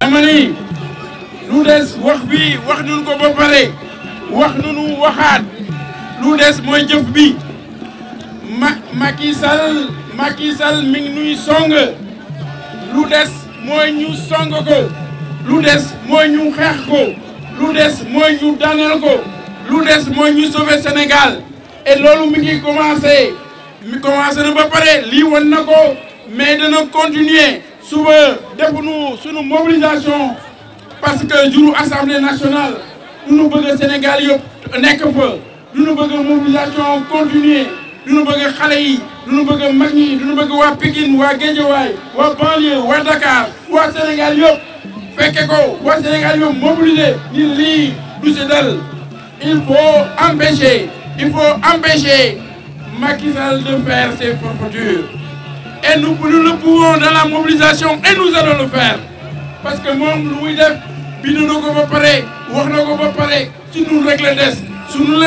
dama ni lu des wax bi wax nunu ko ba pare wax nunu waxaat lu des mooy jëf bi ma Macky mi ngi nuy song lu des mooy ñu song ko lu des mooy ñu xeex ko lu des mooy ñu daaneel ko lu des mooy ñu sauver Sénégal et loolu mi ngi commencé mi commencé na ba paré li wan na ko mais dana continuer suba defuñu sunu mobilisation parce que jour assemblée nationale nous nous bëgg Sénégal yop nek fa nous nous bëgg mobilisation continuer Nous nous bëgg xalé yi nous ñu bëgg mag ñi du ñu bëgg Wa Pikine Wa Guédiawaye Wa banlieue wa Dakar Wa Sénégal yop fekke ko wa Sénégal yëpp mobilisé ni li du si dal il faut empêcher il faut empêcher Macky Sall de faire ses forfaitures. Et nous, le pouvons dans la mobilisation et nous allons le faire. Parce que mon Louis def si nous nous ba nous pas nous nous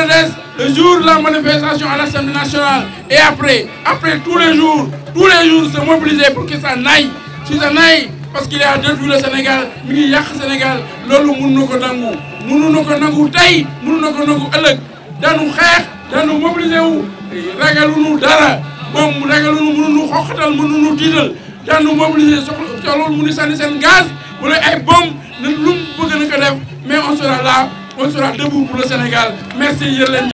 le jour de la manifestation à l'Assemblée nationale et après après tous les jours tous les jours se mobiliser pour que ça n'aille si ça n'aille parce qu'il y a deux le Sénégal y a Sénégal nous, nous, nous, nous, nous, nous, nous, nous, nous, nous, nous, nous, dañu xeex dañu mobilisé wu ragalu nu dara moom ragalu nu mënu nu xoxatal mënu nu diidal dañu mobilisé soxla loolu mu ni sànni seen gaz wala ay bomb na lu mu bëgg na ko def mais on sera là on sera debout pour le Sénégal merci yéen